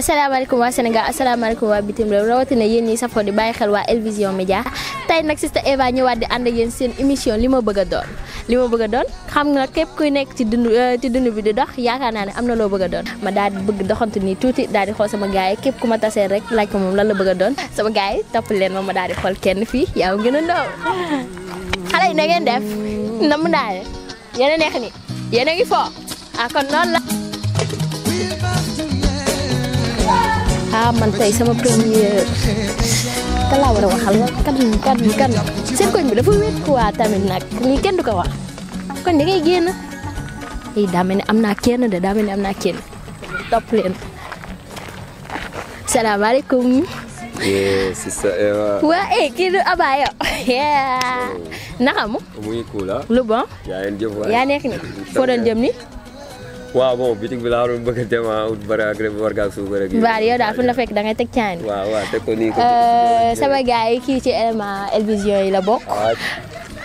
asalaamaaleykum waa Sénégal asalaamaaleykum waa bitim réew rawatina yéen ñi safoo di bàyyi xel waa Elvision Média tey nag Sista Eva ñëwaat di ànd ak yéen seen émission li ma bëgg a doon li ma bëgg a doon xam nga képp kuy nekk ci dund euh, ci bi di dox yaakaar naa ne am na loo bëgg doon ma daal di bëgg doxantu nii tuuti daal di xool sama gars yi képp ku ma tasee rek laaj ko moom lan la bëgg doon sama gars yi topp leen ma ma daal di xool kenn fii yaa gën a ndaw yi na ngeen def nam naa leen yéen a neex ni yéen a ngi foo ah kon noonu menteri sama premier. Kalau orang wahal kan kan kan. Siapa yang bilang fluid kuat? Tapi nak kelihatan tu kawan. Kan dia kayak gini. Ini damen amnakin, ada damen amnakin. Top lane. Assalamualaikum. Yes, Wah, eh, kira abaya ya? Yeah. Nah kamu? Kamu ikut lah. Lu Ya, yang dia buat. Ya, ini. Kau dan jam ni? waaw bon bitig bi laa doon bëgg a dem ah, ut bëri ak rek wargal suuf rek. waaw yow daal fu la fekk da ngay teg caa waaw waaw teg ko nii. Euh, sama gars yi kii ci élément El yi la bokk.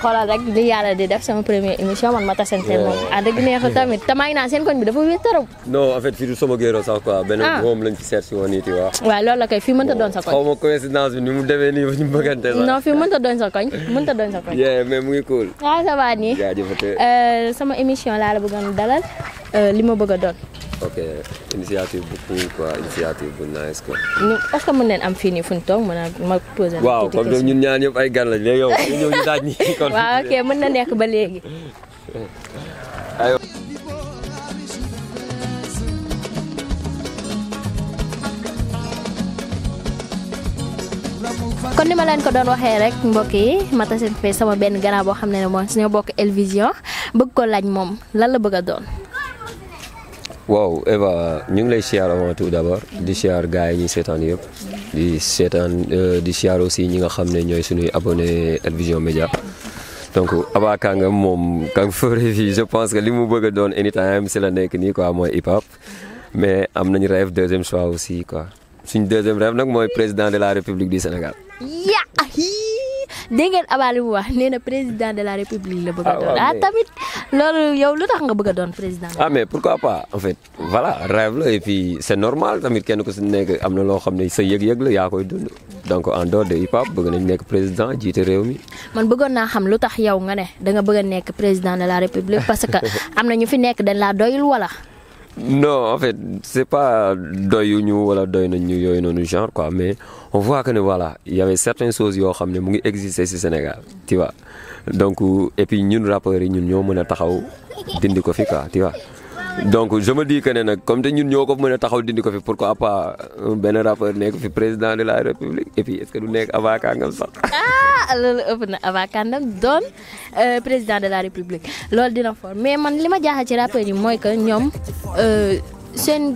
xoolal rek li def sama première émission man ma tasante moom ah dëgg neexul tamit te maa ngi bi dafa wéet trop non en fait fii sama géeroo sax quoi benn ah. moom lañ fi seet si woon it waaw waaw la koy fii mënta doon sa koñ xaw ma coïncidence bi ni mu demee nii ba ñu bëggante sax non fii mënta doon sa koñ mënta doon sa koñ ah, euh, laa la bëggoon dalal euh, li ma bëgg a doon ok initiative beaucoup quoi initiative bu nice quoi. ñu est ce que mën nañ am fii nii fu tok toog ma poser. waaw comme ñun ñun ñaan ñëpp ay gan lañ léegi yow ñu ñëw ñu daaj nii kon. waaw ok mën na nekk ba léegi. Ayo. kon ni ma leen ko doon waxee rek mbokk yi mata seen fee sama benn gannaaw boo xam ne ne moom suñu bokk Elvision bëgg ko laaj moom lan la bëgg a doon. waaw Eva ñu ngi lay siyaar avant tout d'abord di siyaar gars yi ñuy seetaan yëpp di seetaan euh, di siyaar aussi ñi nga xam ne ñooy suñuy abonné télévision Média donc Aba Kanga moom Kang Feury je pense que les mu bëgg a doon anytime c'est la nekk nii quoi mooy hip hop mais am nañu rêve deuxième choix aussi quoi une deuxième rêve nag mooy président de la République du Sénégal dégg ngeen Aba li mu wax président de la république la bëgg ah, doon ah tamit loolu yow lu tax nga bëgg doon président. ah mais pourquoi pas en fait voilà rêve la et puis c' normal tamit kenn ko si nekk am na loo xam ne sa yëg-yëg la yaa koy dund donc en dehors de hip hop bëgg nañ nekk président jiite réew mi. man bëggoon xam lu tax yow nga ne da nga bëgg nekk président de la république parce que am na ñu fi nekk dañ laa doyul wala. non en fait c'est pas doyuñu wala ou nañ ñu genre quoi mais on voit que voilà il y avait certaines choses qui existaient au Sénégal tu vois donc et puis nous rappeurs donc je me dis que ne nag comme te ñun ñoo ko mën a taxaw dindi ko fi pourquoi pas euh, benn rappeur nekk fi président de la république et puis est ce que du nekk avocat ngam sax. ah loolu ëpp na avocat ndam doon euh, président de la république loolu dina for mais man li ma jaaxal ci rappeur yi mooy que ñoom euh, seen.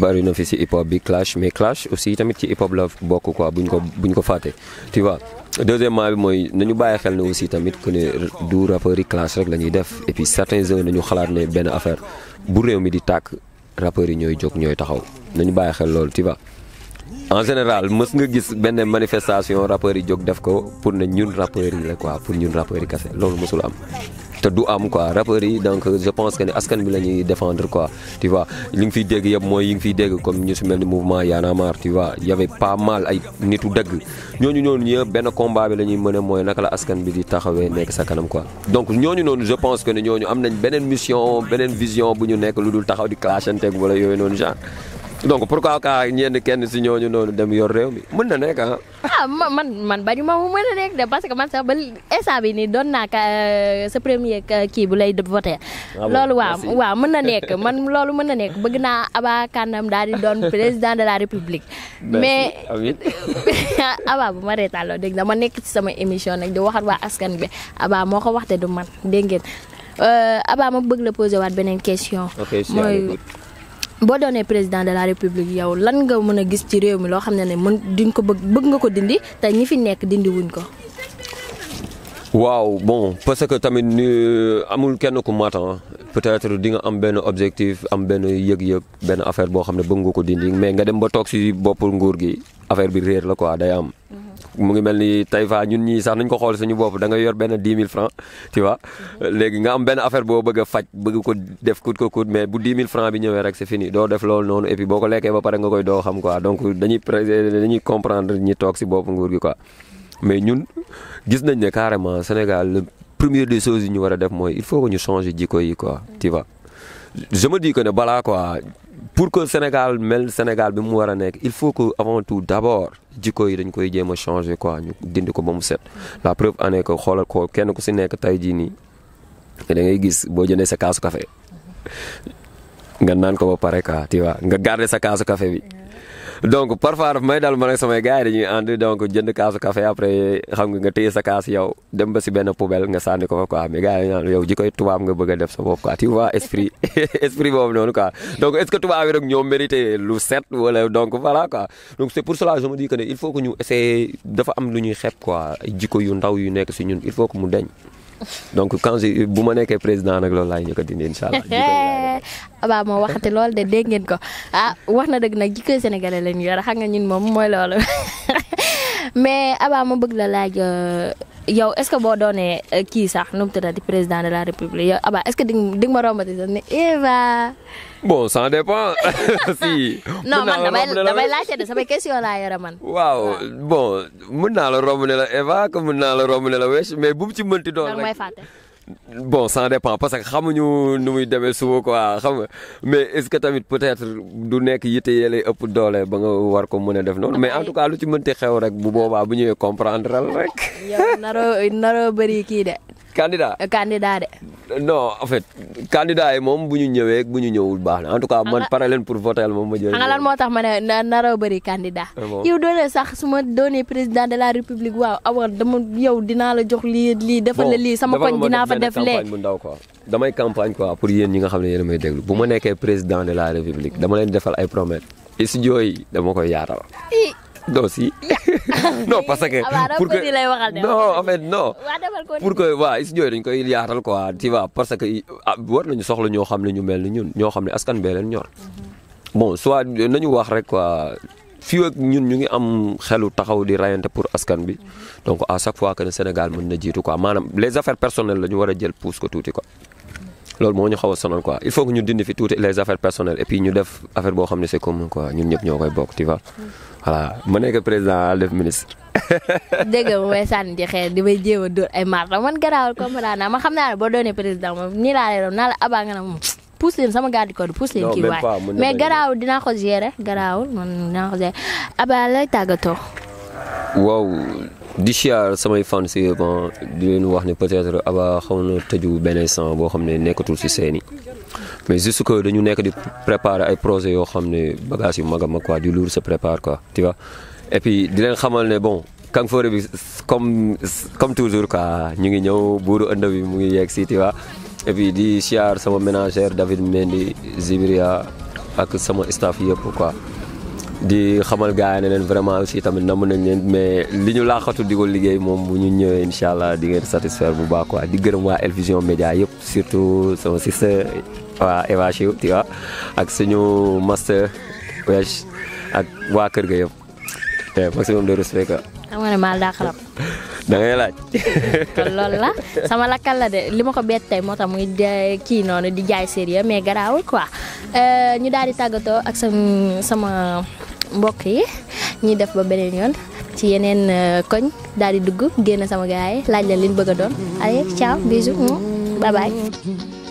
bari na fi si hip hop bi clash mais clash aussi tamit ci hip hop la bokk quoi buñ ko buñ ko fàtte tu vois. deuxièmement bi mooy nañu bàyyi xel ne aussi tamit que ne du rappeurs yi clash rek la ñuy def et puis certains heures nañu xalaat ne benn affaire bu réew mi di tàkk rappeurs yi ñooy jóg ñooy taxaw nañu bàyyi xel loolu tiba en général mës nga gis benn manifestation rappeurs yi jóg def ko pour ne ñun rappeurs yi la quoi pour ñun rappeurs yi kese loolu mësul am te du am quoi rappeurs yi donc je pense que ne askan bi la ñuy défendre quoi tu vois li fiy dégg yëpp mooy yi nga fiy dégg comme ñu si mel ni mouvement Y'en a nitu dëgg ñooñu noonu ñëpp benn combat la ñuy mën a mooy naka la askan bi di taxawee nekk sa kanam quoi donc ñooñu noonu je pense que ne ñooñu am nañ beneen mission beneen vision bu ñu nekk lu dul taxaw di clashanteeg wala yooyu noonu genre donc pourquoi ka ñenn kenn si ñooñu noonu dem yor réew mi mën na nekk ah. ah man man bañu ma mën a nekk de parce que man sax ba instant bi nii doon naa euh, sa premier euh, kii bu lay voté. Ah loolu waaw waaw mën na nekk man loolu mën na nekk bëgg naa Aba Kandam daal di doon président de la république. mais Aba bu ma reetaaloo dégg dama nekk ci sama émission nag di waxat waa askan bi Aba moo ko wax te du man dégg ngeen euh, Aba ma bëgg la posé waat beneen question. mooy boo doonee président de la république yow lan nga mën a gis ci réew mi loo xam ne ne mën duñ ko bëgg bëgg nga ko dindi te ñi fi nekk dindi wuñ ko. waaw bon parce que tamit amul kenn ku mat peut-être di nga am benn objectif am benn yëg-yëg benn affaire boo xam ne bëgg nga ko dindi mais nga dem ba toog si bopp nguur gi affaire bi réer la quoi day am. mu ngi mel ni Taïfa ñun ñii sax nañ ko xool suñu bopp da nga yor benn dix mille franc tu vois léegi nga am benn affaire boo bëgg faj bëgg ko def coûte que coûte mais bu dix mille franc bi ñëwee rek c'est fini doo def loolu noonu et puis boo ko lekkee ba pare nga koy doo xam quoi donc dañuy dañuy comprendre ñi toog si bopp nguur gi quoi mais ñun gis nañ ne carrément Sénégal le première des yi ñu war a def mooy il faut que ñu changer jikko yi quoi tu vois je me dis que ne balaa quoi pour que le Sénégal mel Sénégal bi mu wara nek il faut que avant tout d'abord abord yi dañ koy jéem changer quoi ñu dindi ko ba set la preuve en est que xoolal ko kenn ku si nek tey jii nii da ngay gis bo jëndee sa kaasu café nga nan ko ba pare ka tiwa nga garder sa kaasu café bi. donc parfois daf may dal ma ne samay gars dañuy ànd donc jënd kaasu café après xam nga nga téye sa kaas yow dem ba si benn poubelle nga sànni ko fa quoi mais gars yi naan yow ji koy tubaab nga bëgg a def sa bopp quoi tu vois esprit esprit boobu noonu quoi donc est ce que tubaab yi rek ñoo mérité lu set wala donc voilà quoi donc c' pour cela je me dis que ne il faut que ñu essayer dafa am lu ñuy xep ko jiko yu ndaw yu nekk si ñun il faut que mu deñ donc quand je bu ma nekkee président nag loolu laay njëkk a dindi incha allah. moo waxati lool de dégg ngeen ko ah wax na dëgg nag jikkoy sénégalais la ñu yor xam nga ñun moom mooy loolu mais abaa ma bëgg la laaj euh, yow est ce que boo doonee euh, kii sax nu mu tuddati président de la république yow abaa est ce que di nga ma rombati sax Eva. bon ça dépend si. non man damay damay laajte de question laa yore man. waaw bon mën naa la romb ne la Eva que mën naa la romb ne la wesh mais bu mu ci mënti doon rek. bon ça dépend parce que xamuñu nu muy demee suba quoi xam nga mais est-ce que tamit peut-être du nekk yitte yéele ëpp doole ba nga war ko mën a def noonu mais en tout cas lu ci mënti xew rek bu booba bu ñëwee comprendre rek. yow naroo kii de candidat eh, candidat de. non en fait candidat yi moom bu ñu ñëwee bu ñu ñëwul baax na en tout cas man pare leen pour voter moom ma jël. xam nga moo tax ma ne na naroo bëri candidat. Ah yow doone sax su ma doonee président de la république waaw awa dama yow dinaa la jox lii lii defal lii sama koñ dinaa fa def lee bu ndaw quoi. damay campagne quoi pour yéen ñi nga xam ne yéen may déglu bu ma nekkee président de la république dama leen defal ay promesses. studio yi dama koy yaatal. non si non parce que. pour que non en fait que waa is yooyu dañ koy yaatal quoi tu vois parce que war nañu soxla ñoo xam ne ñu mel ni ñun ñoo xam ne askan bee leen ñor. bon soit nañu wax rek quoi fii ñun ñu ngi am xelu taxaw di rayante pour askan bi donc à chaque fois que ne Sénégal mën na jiitu quoi maanaam les affaires personnelles la ñu a jël pousse ko tuuti quoi. loolu moo ñu xaw a sonal quoi il faut que ñu dindi fi tuuti les affaires personnelles et puis ñu def affaire boo ne c'est commun quoi ñoo koy bokk tu voilà ma nekk président daal def ministre. dégg nga may sànni ci xeer di may jéem a dóor ay marta man garaawal comprendre naa ma xam naa ne boo doonee président moom nii laa lay doon naa la nga ne moom pousse leen sama garde corps pousse leen kii waay mais garaawul dinaa ko gérer garaawul man dinaa ko gérer abaa lay tàggatoo. waaw. di siyaar samay fans yi bon ah, di len wax ne peut-être Aba xaw na tëju benn instant boo xam ne ci seeni mais juste que dañu nekk di préparer ay projet yo xam bagage yu mag quoi du lourd se prépare quoi tu vois et puis di len xamal ne bon Kang Feury bi comme comme toujours quoi ñu ngi ñew buuru ënd bi mu ngi yegg si tu vois et puis di siyaar sama ménagère David Mendy Zibria ak sama staff yépp quoi di xamal gars yi ne leen vraiment aussi tamit namm nañ leen mais li ñu laaxatu di liggéey moom bu ñu ñëwee incha allah di ngeen satisfaire bu baax quoi di gërëm waa El Vision Média yëpp surtout sama sister waa Eva Chiw ak suñu master wesh ak waa kër ga yëpp maximum de respect quoi. nga ne maal daa xarab. da laaj. kon la sama lakkal la de li ma ko bett tey moo tax muy kii noonu di jaay sérieux mais garaawul quoi euh, ñu daal di tàggatoo ak sama. mbokk yi ñuy def ba beneen yoon ci yeneen euh, koñ daal di dugg génn sama gaay laaj la leen bëgg a doon allez ciao bisous bye bye